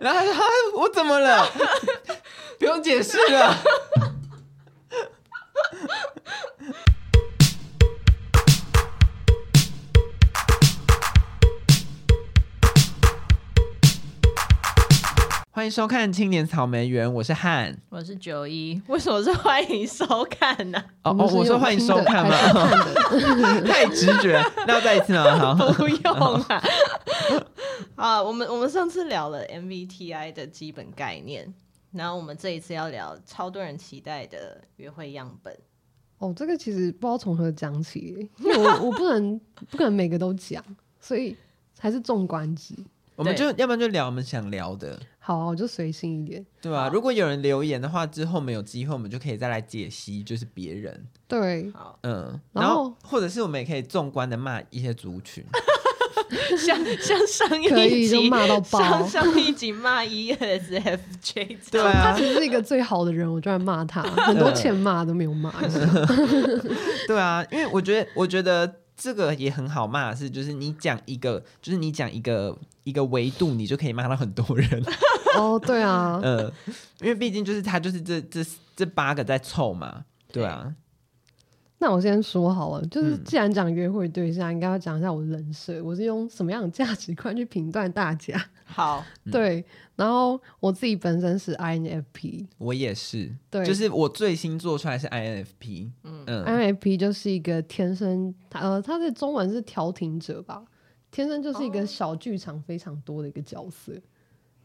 然後他說，我怎麼了？ 不用解釋了。 歡迎收看《青年草莓園》，我是漢，我是九一。為什麼是歡迎收看呢、啊哦？哦，我說歡迎收看嗎？ 太直覺，那要再一次嗎？好， 不用了、啊。 好啊，我們我們上次聊了 MBTI 的基本概念，然後我們這一次要聊超多人期待的約會樣本。哦，這個其實不知道從何講起，因為我我不能 不可能每個都講，所以還是縱觀之。我們就對要不然就聊我們想聊的，好，啊，我就隨性一點，對吧，啊？好如果有人留言的話，之後沒有機會，我們就可以再來解析，就是別人對，好，嗯，然後，然後，或者是我們也可以縱觀的罵一些族群。 像像上一集就罵到爆，像上一集罵 ESFJ，、Z 對啊、 他其實是一個最好的人，我居然罵他， 很多錢罵都沒有罵。 對啊，因為我覺得我覺得這個也很好罵，是就是你講一個，就是你講一個一個維度，你就可以罵到很多人。哦 ，oh, 對啊，嗯， 因為畢竟就是他就是這這這八個在湊嘛，對啊。那我先說好了，就是既然講約會對象，嗯、應該要講一下我的人設，我是用什麼樣的價值觀去評斷大家。好， 對，然後我自己本身是 INFP，我也是，對，就是我最新做出來是 INFP，嗯，INFP 就是一個天生，呃，他的中文是調停者吧，天生就是一個小劇場非常多的一個角色。哦、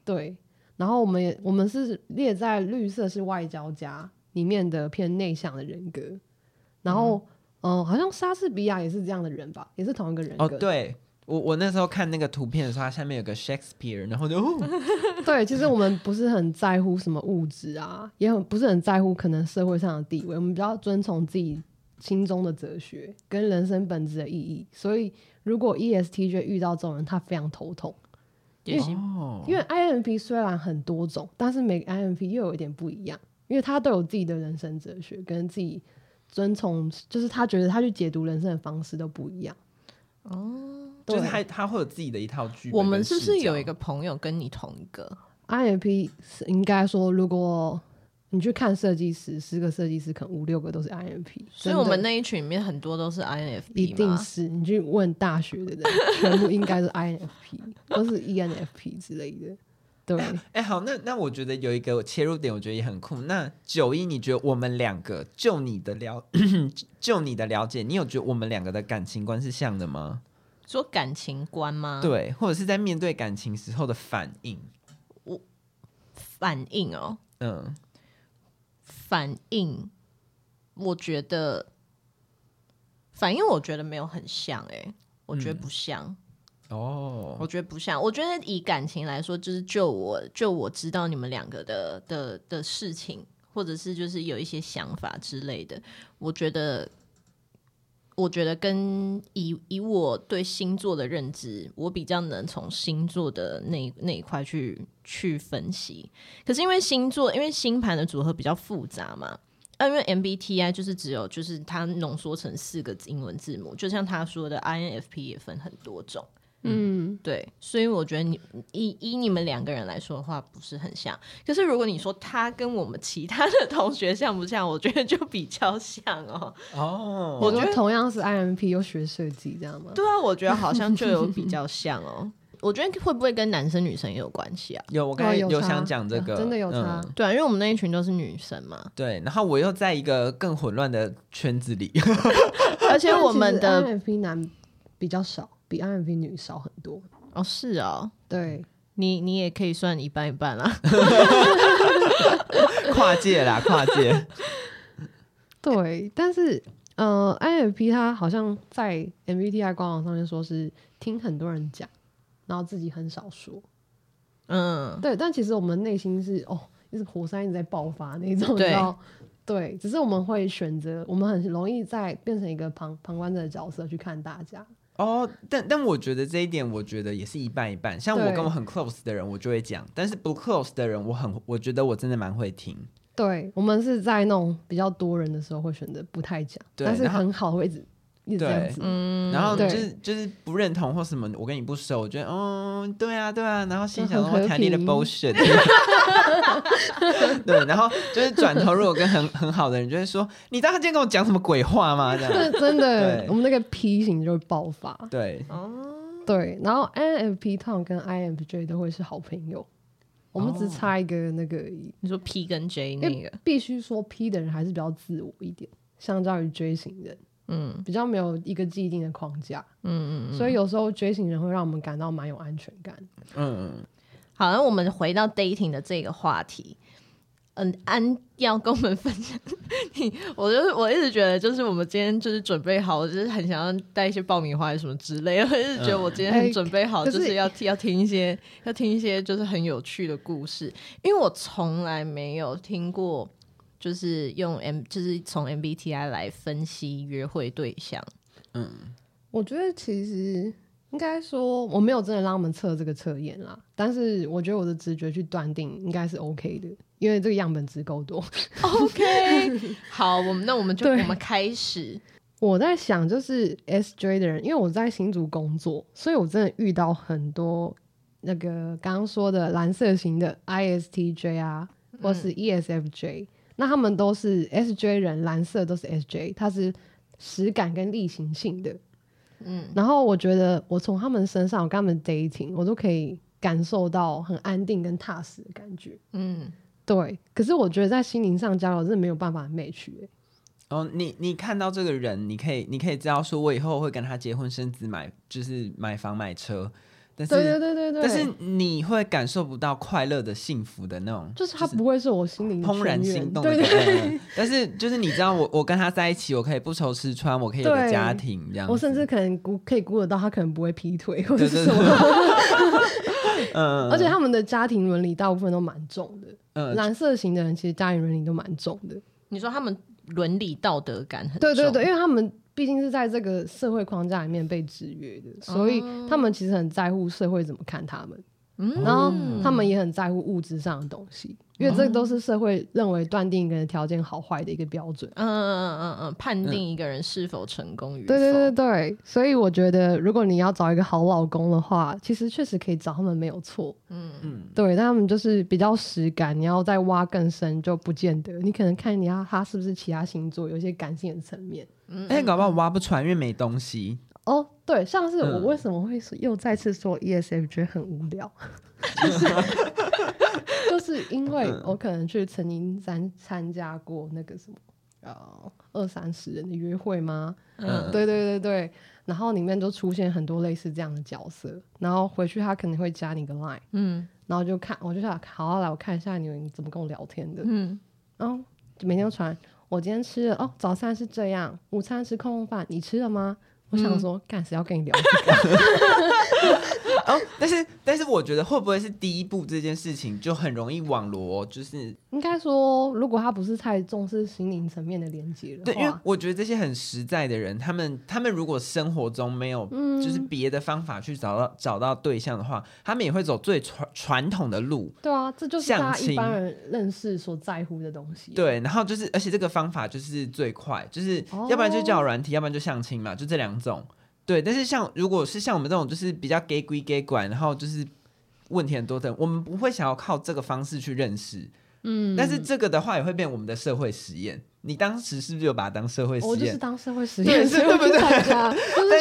對，然後我們也我們是列在綠色是外交家裡面的偏內向的人格。然後，嗯、呃，好像莎士比亞也是這樣的人吧，也是同一個人。哦，對我，我那時候看那個圖片的時候，它下面有個 Shakespeare，然後就， 對，其實我們不是很在乎什麼物質啊，也很不是很在乎可能社會上的地位，我們比較遵從自己心中的哲學跟人生本質的意義。所以，如果 ESTJ 遇到這種人，他非常頭痛，因為、哦、因為 INFP 雖然很多種，但是每個 INFP 又有一點不一樣，因為他都有自己的人生哲學跟自己。遵從就是他覺得他去解讀人生的方式都不一樣，哦，對就是他他會有自己的一套劇。我們是不是有一個朋友跟你同一個？I N F P 是應該說，如果你去看設計師，十個設計師可能五六個都是 I N F P，所以我們那一群裡面很多都是 I N F P，一定是你去問大學的人， 全部應該是 I N F P，都是 E N F P 之類的。哎對、欸，好，那那我覺得有一個切入點，我覺得也很酷。那九一，你覺得我們兩個，就你的了， 就你的了解，你有覺得我們兩個的感情觀是像的嗎？說感情觀嗎？對，或者是在面對感情時候的反應？我反應哦，嗯，反應，我覺得反應，我覺得沒有很像，欸，哎，我覺得不像。嗯哦，oh. 我覺得不像。我覺得以感情來說，就是就我就我知道你們兩個的的的事情，或者是就是有一些想法之類的，我覺得我覺得跟，以以我對星座的認知，我比較能從星座的那那一塊去去分析。可是因為星座，因為星盤的組合比較複雜嘛，啊，因為 MBTI 就是只有就是它濃縮成四個英文字母，就像他說的 INFP 也分很多種。嗯，對，所以我覺得你以以你們兩個人來說的話，不是很像。可是如果你說他跟我們其他的同學像不像，我覺得就比較像哦。哦，我覺得我同樣是 INFP 又學設計，這樣嗎？對啊，我覺得好像就有比較像哦。 我覺得會不會跟男生女生也有關係啊？有，我剛才有想講這個，啊、真的有差。嗯、對、啊，因為我們那一群都是女生嘛。對，然後我又在一個更混亂的圈子裡， 而且我們的 INFP 男比較少。比 INFP 女少很多哦，是啊、哦，對你，你也可以算一半一半啦、啊， 跨界啦，跨界。對，但是呃，INFP 他好像在 MBTI 官網上面說是聽很多人講，然後自己很少說。嗯，對，但其實我們內心是哦，一直火山一直在爆發那種你知道，對，對，只是我們會選擇，我們很容易在變成一個旁旁觀者的角色去看大家。哦，但但我覺得這一點，我覺得也是一半一半。像我跟我很 close 的人，我就會講；對但是不 close 的人，我很我覺得我真的蠻會聽。對，我們是在那種比較多人的時候會選擇不太講，對但是很好的位置。對，嗯，然後就是就是不認同或什麼，我跟你不熟，我覺得，嗯，對啊對啊，然後心想我會戀愛的 bullshit，對，然後就是轉頭如果跟很很好的人，就會說，你知道他今天跟我講什麼鬼話嗎？這樣是真的，我們那個 P 型就會爆發，對，哦，對，然後 NFP 常跟 INFJ 都會是好朋友，我們只差一個那個而已，你說 P 跟 J 那個，必須說 P 的人還是比較自我一點，相較於 J 型人。嗯，比較沒有一個既定的框架，嗯，嗯嗯，所以有時候覺醒人會讓我們感到蠻有安全感，嗯嗯。好，那我們回到 dating 的這個話題，嗯，安要跟我們分享， 你我就是我一直覺得，就是我們今天就是準備好，我就是很想要帶一些爆米花什麼之類、嗯、我一直覺得我今天很準備好，欸、就是要要聽一些是要聽一些就是很有趣的故事，因為我從來沒有聽過。就是用 M，就是從 MBTI 來分析約會對象。嗯，我覺得其實應該說我沒有真的讓他們測這個測驗啦，但是我覺得我的直覺去斷定應該是 OK 的，因為這個樣本數夠多。 OK， 好，我們那我們就對我們開始。我在想，就是 SJ 的人，因為我在新竹工作，所以我真的遇到很多那個剛剛說的藍色型的 ISTJ 啊，或是 ESFJ、嗯。那他們都是 S J 人，藍色都是 S J，他是實感跟例行性的，嗯，然後我覺得我從他們身上，我跟他們 dating，我都可以感受到很安定跟踏實的感覺，嗯，對。可是我覺得在心靈上交流我真的沒有辦法沒趣，哎。哦，你你看到這個人，你可以你可以知道說我以後會跟他結婚生子，甚至買就是買房買車。對對對對對，但是你會感受不到快樂的、幸福的那種，就是他不會是我心裡怦然心動的。對對，但是就是你知道我，我我跟他在一起，我可以不愁吃穿，我可以有個家庭對這樣。我甚至可能可估可以估得到，他可能不會劈腿，或者什麼。 而且他們的家庭倫理大部分都蠻重的。嗯、呃，藍色型的人其實家庭倫理都蠻重的。你說他們倫理道德感很重？對對對，因為他們。畢竟是在這個社會框架裡面被制約的，所以他們其實很在乎社會怎麼看他們，嗯、然後他們也很在乎物質上的東西，因為這個都是社會認為斷定一個人條件好壞的一個標準。嗯嗯嗯嗯嗯，判定一個人是否成功與否，嗯、對對對對，所以我覺得如果你要找一個好老公的話，其實確實可以找他們沒有錯。嗯嗯，對，但他們就是比較實感，你要再挖更深就不見得。你可能看你要他是不是其他星座，有一些感性的層面。哎、欸，搞不好我挖不出來，嗯嗯，因為沒東西。哦，對，上次我為什麼會又再次說 ESF，J、嗯、很無聊，就是 就是因為我可能去曾經參參加過那個什麼呃、嗯哦、二三十人的約會嗎？嗯、對對對對，然後裡面就出現很多類似這樣的角色，然後回去他肯定會加你個 line，嗯、然後就看我就想，好好、啊、來我看一下你你怎麼跟我聊天的，嗯，嗯、哦，就每天都傳。我今天吃了哦，早餐是這樣，午餐吃空飯，你吃了嗎？嗯、我想說，幹，誰要跟你聊個。 哦，但是但是，我覺得會不會是第一步這件事情就很容易網羅、哦，就是。應該說，如果他不是太重視心靈層面的連接了，對，因為我覺得這些很實在的人，他們他們如果生活中沒有，就是別的方法去找到、嗯、找到對象的話，他們也會走最傳傳統的路。對啊，這就是一般人認識所在乎的東西。對，然後就是，而且這個方法就是最快，就是要不然就叫軟體，哦、要不然就相親嘛，就這兩種。對，但是像如果是像我們這種就是比較假鬼假怪然後就是問題很多的人，我們不會想要靠這個方式去認識。嗯，但是這個的話也會變成我們的社會實驗。你當時是不是有把它當社會實驗？我、哦、就是當社會實驗，對不對？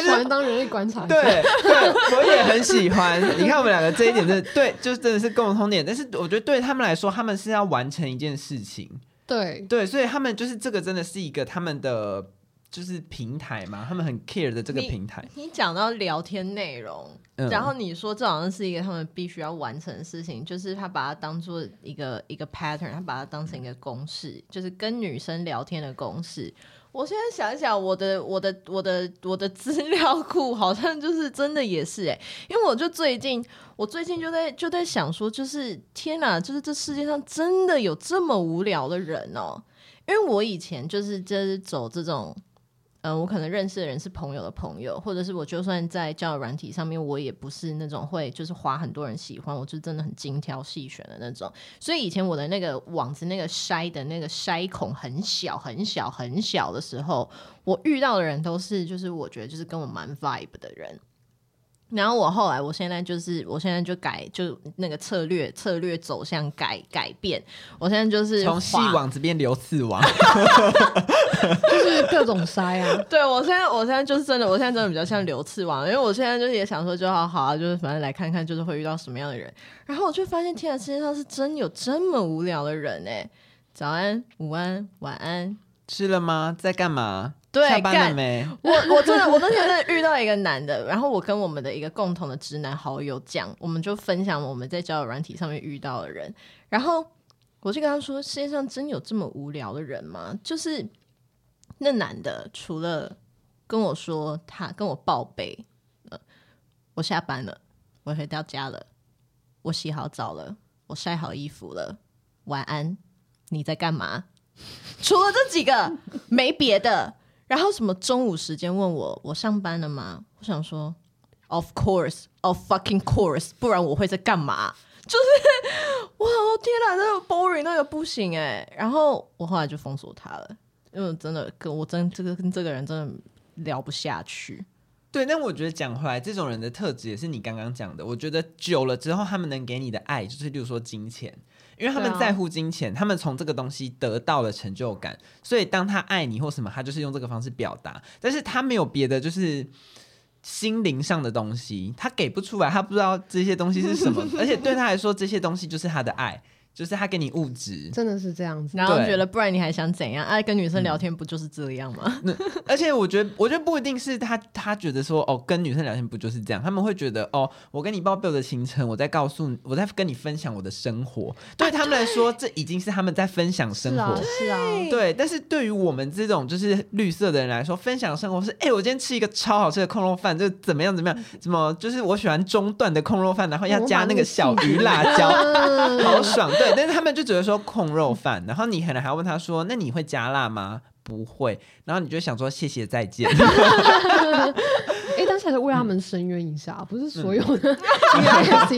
就是當人類觀察。對對，我也很喜歡。 你看我們兩個這一點真的，是對，就是真的是共同點。但是我覺得對他們來說，他們是要完成一件事情。對對，所以他們就是這個，真的是一個他們的。就是平台嘛，他們很 care 的這個平台。你講到聊天內容，嗯、然後你說這好像是一個他們必須要完成的事情，就是他把它當做一個一個 pattern，他把它當成一個公式，就是跟女生聊天的公式。我現在想一想我，我的我的我的我的資料庫好像就是真的也是哎、欸，因為我就最近，我最近就在就在想說，就是天哪、啊，就是這世界上真的有這麼無聊的人哦、喔？因為我以前就是就是走這種。嗯，我可能認識的人是朋友的朋友，或者是我就算在交友軟體上面，我也不是那種會就是花很多人喜歡，我就真的很精挑細選的那種。所以以前我的那個網子那個篩的那個篩孔很小很小很小的時候，我遇到的人都是就是我覺得就是跟我蠻 vibe 的人。然後我後來，我現在就是，我現在就改，就那個策略策略走向改改變。我現在就是從細網這邊流刺網， 就是各種塞啊。 對我現在，我現在就是真的，我現在真的比較像流刺網，因為我現在就是也想說，就好好啊，就是反正來看看，就是會遇到什麼樣的人。然後我就發現，天啊，世界上是真有這麼無聊的人欸！早安，午安，晚安，吃了嗎？在幹嘛？對，下班了沒？幹，我我真的，我之前是遇到一個男的， 然後我跟我們的一個共同的直男好友講，我們就分享我們在交友軟體上面遇到的人，然後我就跟他說：世界上真有這麼無聊的人嗎？就是那男的，除了跟我說他跟我報備，呃，我下班了，我回到家了，我洗好澡了，我曬好衣服了，晚安。你在幹嘛？除了這幾個， 沒別的。然後什麼中午時間問我，我上班了嗎？我想說，of course，of fucking course，不然我會在幹嘛？就是，哇，我天哪，這、那個 boring 那個不行欸。然後我後來就封鎖他了，因為真的，我真這個跟這個人真的聊不下去。對，但我覺得講回來，這種人的特質也是你剛剛講的。我覺得久了之後，他們能給你的愛，就是例如說金錢。因為他們在乎金錢，啊、他們從這個東西得到了成就感，所以當他愛你或什麼，他就是用這個方式表達。但是他沒有別的，就是心靈上的東西，他給不出來，他不知道這些東西是什麼， 而且對他來說，這些東西就是他的愛。就是他給你物質，真的是這樣子，對然後覺得不然你還想怎樣？哎、啊、跟女生聊天不就是這樣嗎？嗯、而且我覺得，我覺得不一定是他，他覺得說哦，跟女生聊天不就是這樣？他們會覺得哦，我跟你報備我的行程，我在告訴你，我在跟你分享我的生活。對、啊、他們來說，這已經是他們在分享生活，是啊，對。但是對於我們這種就是綠色的人來說，分享生活是哎、欸，我今天吃一個超好吃的焢肉飯，就怎麼樣怎麼樣，怎麼就是我喜歡中段的焢肉飯，然後要加那個小魚辣椒，好爽，對。 但是他們就只會說控肉飯，然後你可能還要問他說：“那你會加辣嗎？”不會，然後你就想說：“謝謝，再見。” 是為他們伸冤一下、啊，嗯、不是所有的，嗯、還是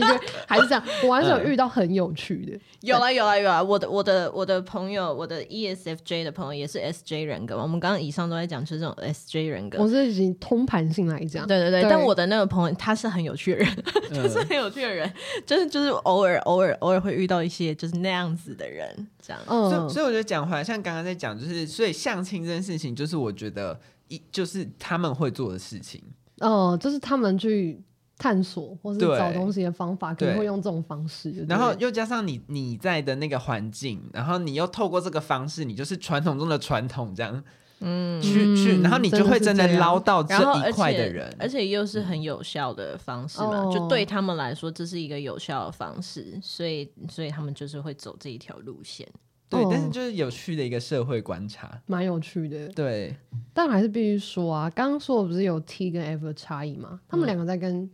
這樣。我還是有遇到很有趣的，呃、有啊，有啊，有啊。我的、我的、我的朋友，我的 ESFJ 的朋友也是 SJ 人格嘛。我們剛剛以上都在講，就是這種 SJ 人格。我是以通盤性來講，對對對。對但我的那個朋友，他是很有趣的人，就是很有趣的人，就是就是偶爾偶爾偶爾會遇到一些就是那樣子的人，這樣。呃、所以所以我就講回來，像剛剛在講，就是所以相親這件事情，就是我覺得一就是他們會做的事情。哦、呃，就是他們去探索或是找東西的方法，對可能會用這種方式。然後又加上你你在的那個環境，然後你又透過這個方式，你就是傳統中的傳統這樣，嗯，去去，然後你就會真的撈到這一塊的人，然後而，而且又是很有效的方式嘛，嗯、就對他們來說這是一個有效的方式，所以所以他們就是會走這一條路線。對，但是就是有趣的一個社會觀察，哦、蠻有趣的。對，但還是必須說啊，剛剛說的不是有 T 跟 F 的差異嗎？他們兩個在跟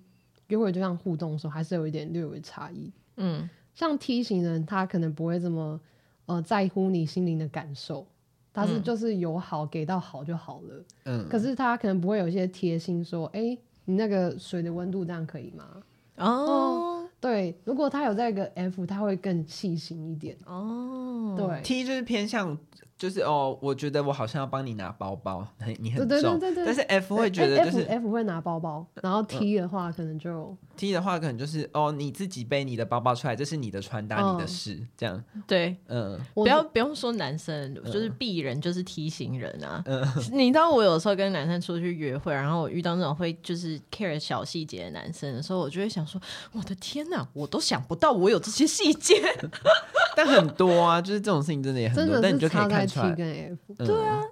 約會對象互動的時候，還是有一點略微差異。嗯，像 T 型人，他可能不會這麼呃在乎你心靈的感受，他是就是友好，給到好就好了。嗯，可是他可能不會有一些貼心，說，哎，你那個水的溫度這樣可以嗎？哦。哦對，如果他有這個 F，他會更細心一點哦。Oh, 對，T 就是偏向。就是哦，我覺得我好像要幫你拿包包，你很重，對對對對，但是 F 會覺得就是、欸、F, F 會拿包包，然後 T 的話可能就、嗯、T 的話可能就是哦，你自己背你的包包出來，這是你的穿搭，嗯、你的事，這樣對，嗯，我不要不用說男生，就是 B 人就是 T 型人啊。嗯、你知道我有時候跟男生出去約會，然後我遇到那種會就是 care 小細節的男生的時候，我就會想說，我的天哪，我都想不到我有這些細節， 但很多啊，就是這種事情真的也很多，的但你就可以看。T 跟 F，對啊，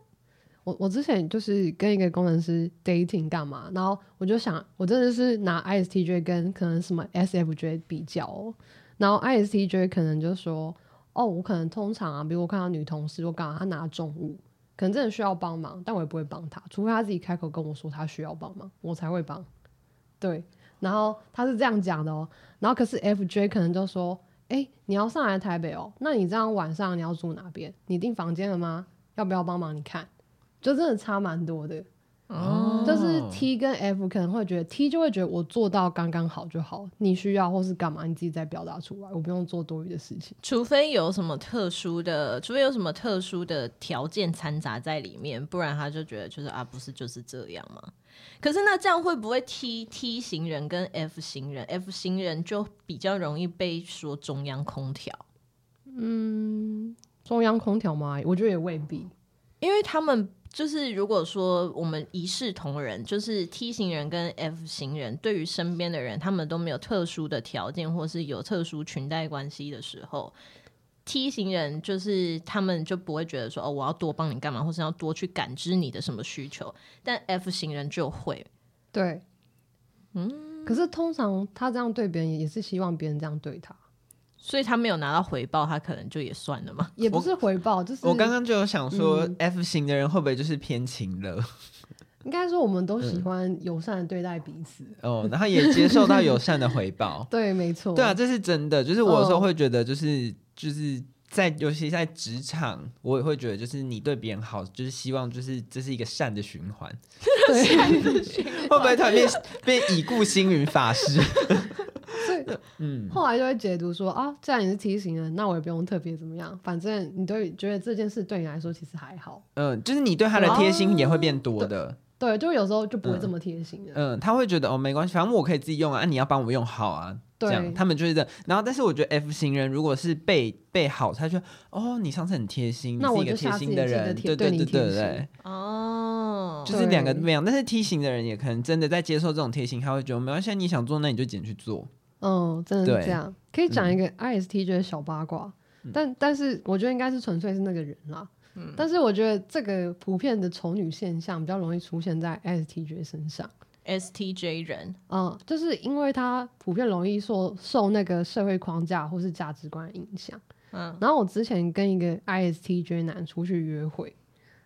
我我之前就是跟一個工程師 dating 幹嘛，然後我就想，我真的是拿 ISTJ 跟可能什麼 SFJ 比較哦，然後 ISTJ 可能就說，哦，我可能通常啊，比如我看到女同事，我感覺她拿重物，可能真的需要幫忙，但我也不會幫她，除非她自己開口跟我說她需要幫忙，我才會幫。對，然後她是這樣講的哦，然後可是 FJ 可能就說。哎、欸，你要上來台北哦？那你這樣晚上你要住哪邊？你訂房間了嗎？要不要幫忙你看？就真的差蠻多的。哦，就是 T 跟 F 可能會覺得、哦、T 就會覺得我做到剛剛好就好，你需要或是幹嘛你自己再表達出來，我不用做多餘的事情。除非有什麼特殊的，除非有什麼特殊的條件摻雜在裡面，不然他就覺得就是啊，不是就是這樣嗎？可是那這樣會不會 T T 型人跟 F 型人，F 型人就比較容易被說中央空調？嗯，中央空調嗎？我覺得也未必，因為他們。就是如果說我們一視同仁，就是 T 型人跟 F 型人對於身邊的人，他們都沒有特殊的條件，或是有特殊裙帶關係的時候，T 型人就是他們就不會覺得說哦，我要多幫你幹嘛，或是要多去感知你的什麼需求，但 F 型人就會，對，嗯，可是通常他這樣對別人，也是希望別人這樣對他。所以他沒有拿到回報，他可能就也算了嘛？也不是回報，就是我剛剛就有想說，F 型的人會不會就是偏情了？嗯、應該說，我們都喜歡友善的對待彼此哦，然後也接受到友善的回報。 對，沒錯。對啊，這是真的。就是我有時候會覺得，就是就是在，尤其在職場，我也會覺得，就是你對別人好，就是希望，就是這是一個善的循環。 善的循環。會不會突然變，變已故星雲法師。 所以，嗯，後來就會解讀說啊，既然你是 T 型人，那我也不用特別怎麼樣，反正你都覺得這件事對你來說其實還好。嗯、呃，就是你對他的貼心也會變多的、啊對。對，就有時候就不會這麼貼心嗯、呃呃，他會覺得哦，沒關係，反正我可以自己用啊，你要幫我用好啊，對這樣。他們就是這樣，然後，但是我覺得 F 型人如果是被被好，他就哦，你上次很貼心，那我你是一個貼心的人。對對，對對對對對，哦，就是兩個不一樣。對但是 T 型的人也可能真的在接受這種貼心，他會覺得沒關係，你想做那你就自己去做。嗯，真的是這樣。對可以講一個 ISTJ 的小八卦，嗯、但但是我覺得應該是純粹是那個人啦。嗯、但是我覺得這個普遍的醜女現象比較容易出現在 ISTJ 身上。ISTJ 人，嗯，就是因為他普遍容易受受那個社會框架或是價值觀的影響。嗯、然後我之前跟一個 ISTJ 男出去約會，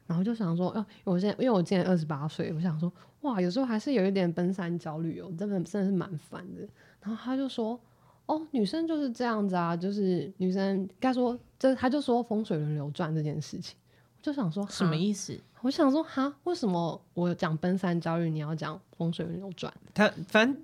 然後就想說，哦、呃，我現在因為我今年二十八歲，我想說，哇，有時候還是有一點奔三焦慮哦、喔，真的真的是蠻煩的。然後他就說：“哦，女生就是這樣子啊，就是女生該說這，就他就說風水輪流轉這件事情。”我就想說，什麼意思？我想說，哈，為什麼我講奔三焦慮，你要講風水輪流轉？他反正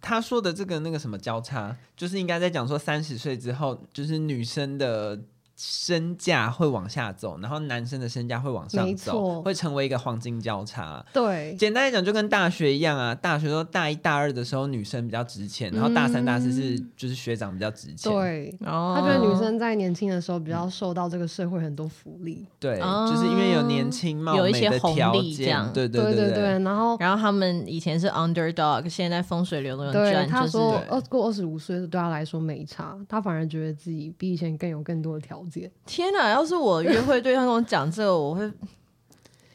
他說的這個那個什麼交叉，就是應該在講說三十歲之後，就是女生的。身價會往下走，然後男生的身價會往上走，沒錯，會成為一個黃金交叉。對，簡單來講就跟大學一樣啊。大學都大一大二的時候女生比較值錢，然後大三大四是就是學長比較值錢、嗯。對，哦、他覺得女生在年輕的時候比較受到這個社會很多福利。對，哦、就是因為有年輕貌美，有一些紅利。這樣，對對對，對，對，對，對，然後，然後他們以前是 underdog，現在風水輪流轉。對，他說二過二十五歲對他來說沒差，他反而覺得自己比以前更有更多的條件。天哪！要是我約會對象跟我講這個，我會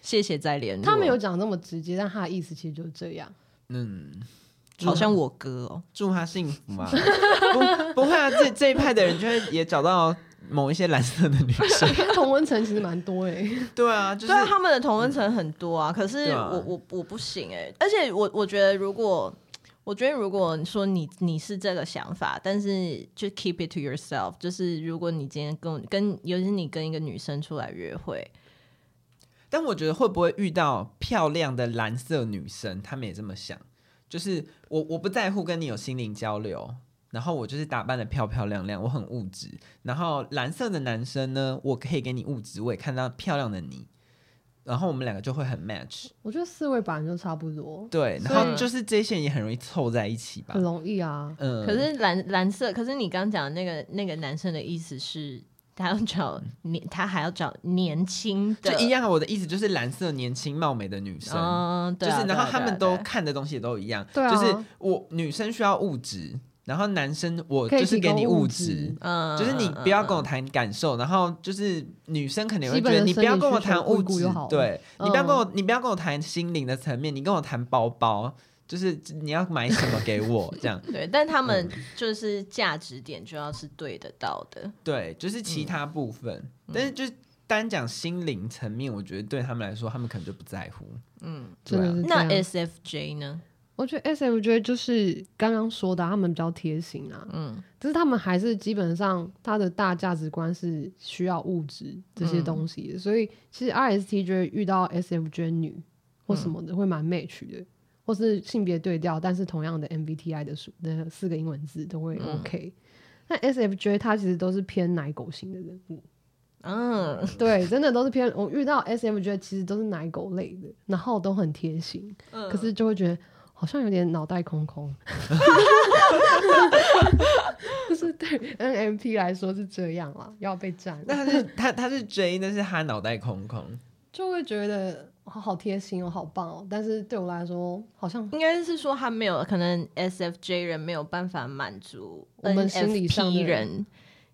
謝謝再連絡、喔。他沒有講那麼直接，但他的意思其實就是這樣。嗯，好像我哥哦、喔，祝他幸福嘛、啊。不不會啊，這這一派的人就會也找到某一些藍色的女生。 同溫層其實蠻多哎、欸。對啊，就是對、啊、他們的同溫層很多啊。嗯、可是我、啊、我我不行哎、欸，而且我我覺得如果。我覺得，如果說你你是這個想法，但是就 keep it to yourself，就是如果你今天跟跟，尤其是你跟一個女生出來約會，但我覺得會不會遇到漂亮的藍色女生，他們也這麼想，就是我我不在乎跟你有心靈交流，然後我就是打扮得漂漂亮亮，我很物質，然後藍色的男生呢，我可以給你物質，我也看到漂亮的你。然後我們兩個就會很 match。我覺得四位板就差不多。對，然後就是這些也很容易湊在一起吧。很容易啊，嗯。可是藍藍色，可是你剛講那個那個男生的意思是，他要找年，嗯、他還要找年輕的。是一樣，我的意思就是藍色年輕貌美的女生，哦對啊、就是然後他們都看的東西也都一樣，就是我女生需要物質。然後男生，我就是給你物質，嗯，就是你不要跟我談感受。然後就是女生可能會覺得你不要跟我談物質，對，你不要跟我，你不要跟我談心靈的層面，你跟我談包包，就是你要買什麼給我這樣。對，但他們就是價值點就要是對得到的，對，就是其他部分，但是就是單講心靈層面，我覺得對他們來說，他們可能就不在乎，嗯，對，那 S F J 呢？我覺得 S F J 就是剛剛說的，啊，他們比較貼心啊，嗯，但是他們還是基本上他的大價值觀是需要物質這些東西的，嗯，所以其實 R S T J 遇到 S F J 女或什麼的會蠻 match 的，嗯，或是性別對調，但是同樣的 MBTI 的數，那四個英文字都會 OK。那嗯，S F J 他其實都是偏奶狗型的人物，嗯，對，真的都是偏我遇到 S F J 其實都是奶狗類的，然後都很貼心，嗯，可是就會覺得好像有點腦袋空空， 就是對 NFP 來說是這樣啦，要被佔。但是他他是 J，但是他腦袋空空，就會覺得好貼心哦，好棒哦。但是對我來說，好像應該是說他沒有，可能 S F J 人沒有辦法滿足 NFP 人，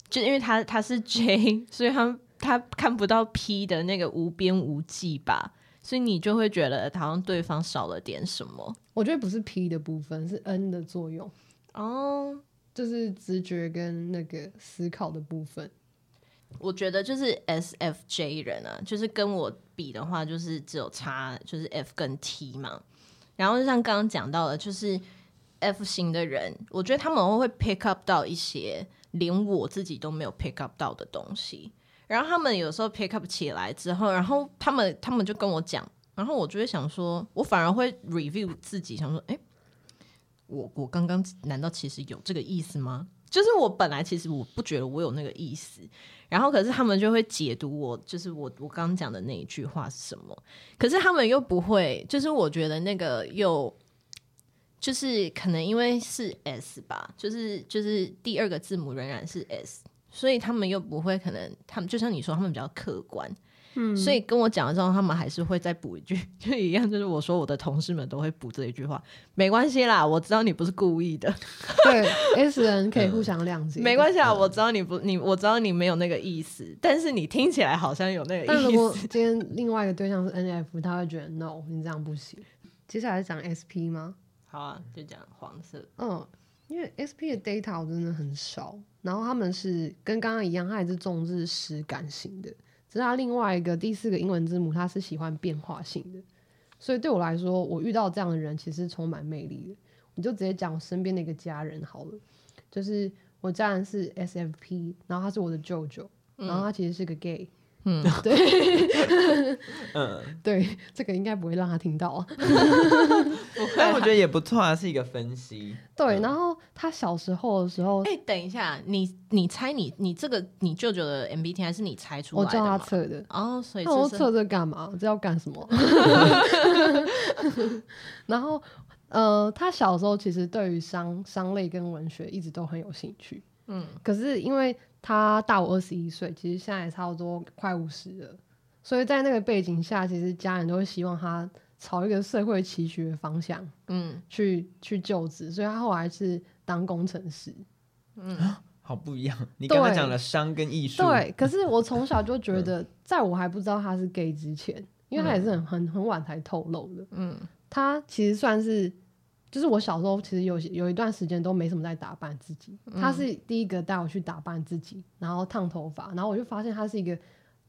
就因為他他是 J，、嗯、所以他他看不到 P 的那個無邊無際吧。所以你就會覺得好像對方少了點什麼。我覺得不是 P 的部分，是 N 的作用哦，oh, 就是直覺跟那個思考的部分。我覺得就是 S F J 人啊，就是跟我比的話，就是只有差就是 F 跟 T 嘛。然後就像剛剛講到的，就是 F 型的人，我覺得他們會 pick up 到一些連我自己都沒有 pick up 到的東西。然後他們有時候 pick up 起來之後，然後他們他們就跟我講，然後我就會想說，我反而會 review 自己，想說，哎，我我剛剛難道其實有這個意思嗎？就是我本來其實我不覺得我有那個意思，然後可是他們就會解讀我，就是我我剛剛講的那一句話是什麼？可是他們又不會，就是我覺得那個又就是可能因為是 S 吧，就是就是第二個字母仍然是 S。所以他們又不會，可能他們就像你說，他們比較客觀。嗯，所以跟我講的時候，他們還是會再補一句，就一樣，就是我說我的同事們都會補這一句話，沒關係啦，我知道你不是故意的。 對，S 人可以互相諒解、嗯，沒關係啊，嗯、我知道你不，你我知道你沒有那個意思，但是你聽起來好像有那個意思。但如果今天另外一個對象是 N F，他會覺得 no，你這樣不行。接下來是講 S P 嗎？好啊，就講黃色。嗯。因為 SP 的 data 我真的很少，然後他們是跟剛剛一樣，他也是重視實感型的。只是他另外一個第四個英文字母，他是喜歡變化型的。所以對我來說，我遇到這樣的人其實充滿魅力的。你就直接講我身邊的一個家人好了，就是我家人是 SFP，然後他是我的舅舅，嗯、然後他其實是個 gay。嗯，對， 嗯，對，這個應該不會讓他聽到、啊 會啊、但我覺得也不錯啊，是一個分析。 對，然後他小時候的時候，哎、欸，等一下，你你猜你你這個你舅舅的 MBTI 是你猜出來的嗎？我、哦、叫他測的。然後、哦，那我測這幹嘛？這要幹什麼？然後，呃，他小時候其實對於商商類跟文學一直都很有興趣。嗯，可是因為。他大我二十一歲，其實現在也差不多快五十了，所以在那個背景下，其實家人都會希望他朝一個社會期許的方向，嗯，去去就職，所以他後來是當工程師，嗯、啊，好不一樣。你剛才講了商跟藝術，對，可是我從小就覺得，在我還不知道他是 gay 之前，因為他也是很很很晚才透露的，嗯，他其實算是。就是我小時候，其實有有一段時間都沒什麼在打扮自己。他是第一個帶我去打扮自己，嗯、然後燙頭髮，然後我就發現他是一個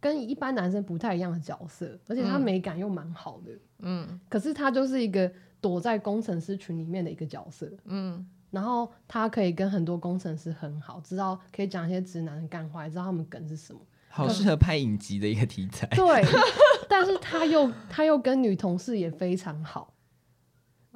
跟一般男生不太一樣的角色，而且他美感又蠻好的。嗯，可是他就是一個躲在工程師群裡面的一個角色。嗯，然後他可以跟很多工程師很好，知道可以講一些直男幹話，知道他們梗是什麼。好看適合拍影集的一個題材。對， 但是他又他又跟女同事也非常好。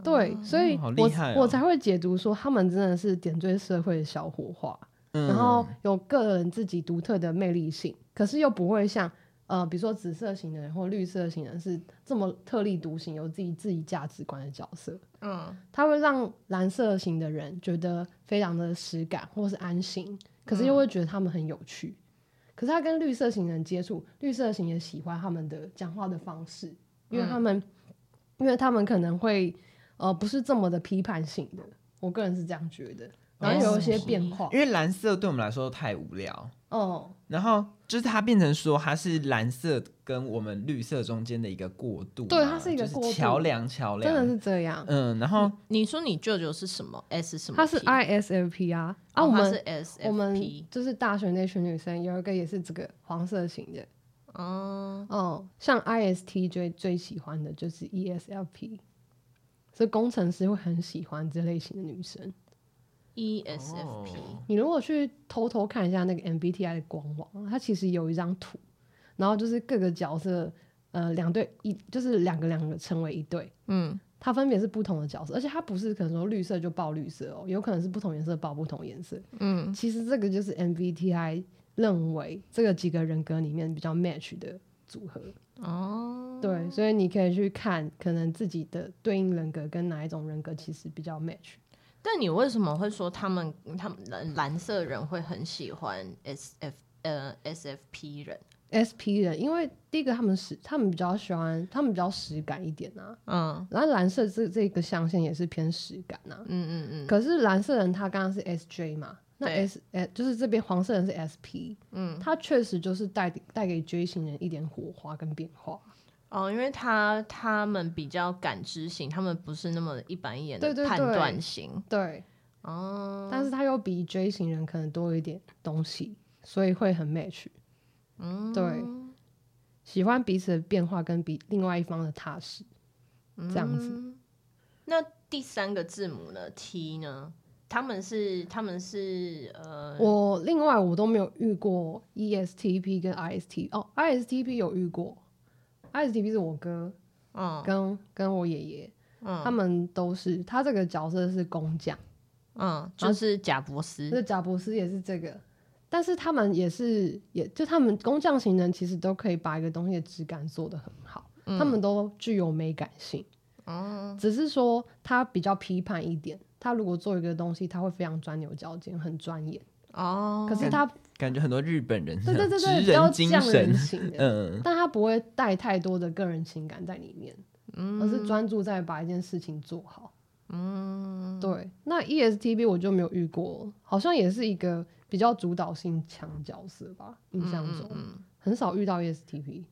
對，所以我、嗯哦、我才會解讀說，他們真的是點綴社會的小火花，嗯、然後有個人自己獨特的魅力性，可是又不會像呃，比如說紫色型的人或綠色型的人是這麼特立獨行，有自己自己價值觀的角色。嗯，他會讓藍色型的人覺得非常的實感或是安心，可是又會覺得他們很有趣。嗯、可是他跟綠色型人接觸，綠色型也喜歡他們的講話的方式，因為他們，嗯、因為他們可能會。呃不是這麼的批判性的，我個人是這樣覺得。然後有一些變化，哦、因為藍色對我們來說太無聊。哦，然後就是它變成說它是藍色跟我們綠色中間的一個過渡，對，它是一個橋梁橋梁，橋梁真的是這樣。嗯，然後、嗯、你說你舅舅是什麼 S、欸、什麼？他是 ISFP 啊，啊，我們我們就是大學那群女生有一個也是這個黃色型的。哦、嗯、哦，像 ISTJ 最喜歡的就是 ESFP。所以工程師會很喜歡這類型的女生，E S F P。你如果去偷偷看一下那個 M B T I 的官網，它其實有一張圖，然後就是各個角色，呃，兩對一，就是兩個兩個成為一對，嗯，它分別是不同的角色，而且它不是可能說綠色就報綠色哦，有可能是不同顏色報不同顏色，嗯，其實這個就是 M B T I 認為這個幾個人格裡面比較 match 的組合哦。對，所以你可以去看可能自己的對應人格跟哪一種人格其實比較 match。嗯，但你為什麼會說他們他們藍藍色人會很喜歡 S F 呃 S F P 人 S P 人？因為第一個他們是他們比較喜歡，他們比較實感一點啊。嗯，然後藍色這這個象限也是偏實感啊。嗯嗯嗯。可是藍色人他剛剛是 S J 嘛，那 S F 就是這邊黃色人是 SP, S P，嗯，他確實就是帶帶給 J 型人一點火花跟變化。哦，因為他他們比較感知型，他們不是那麼一板一眼的判斷型，對，哦，但是他又比 J 型人可能多一點東西，所以會很 match，嗯，對，喜歡彼此的變化跟比另外一方的踏實，嗯、這樣子。那第三個字母呢 T 呢？他們是他們是呃，我另外我都沒有遇過 ESTP 跟 ISTP 哦，ISTP 有遇過。ISTP 是我哥，嗯、跟跟我爺爺，嗯、他們都是他這個角色是工匠，嗯，就是賈伯斯，那、就是、賈伯斯也是這個，但是他們也是，也就他們工匠型人其實都可以把一個東西的質感做得很好，嗯、他們都具有美感性，嗯、只是說他比較批判一點，他如果做一個東西，他會非常鑽牛角尖，很鑽研，哦、可是他。嗯感覺很多日本人是對對對，對比較匠人型，嗯、但他不會帶太多的個人情感在裡面，嗯、而是專注在把一件事情做好。嗯，對，那 ESTP 我就沒有遇過了，好像也是一個比較主導性強角色吧，印象中、嗯、很少遇到 ESTP。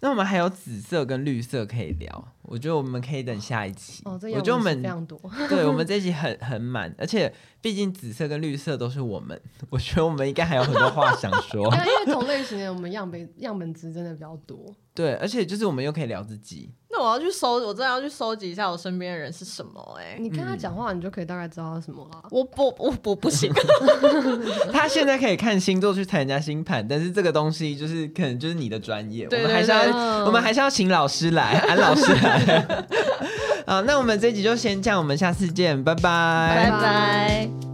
那我們還有紫色跟綠色可以聊，我覺得我們可以等下一期。哦、一我覺得我們非常多， 對，我們這一期很很滿，而且畢竟紫色跟綠色都是我們，我覺得我們應該還有很多話想說。 因為同類型的我們樣本樣本數真的比較多。對，而且就是我們又可以聊自己。那我要去搜，我真的要去搜集一下我身邊的人是什麼哎、欸。你跟他講話，你就可以大概知道他什麼了、嗯。我不，我不，我不行。 他現在可以看星座去猜人家星盤，但是這個東西就是可能就是你的專業，對對對，我們還是要，我們還是要請老師來， 安老師來。 好，那我們這一集就先這樣，我們下次見，拜拜，拜拜。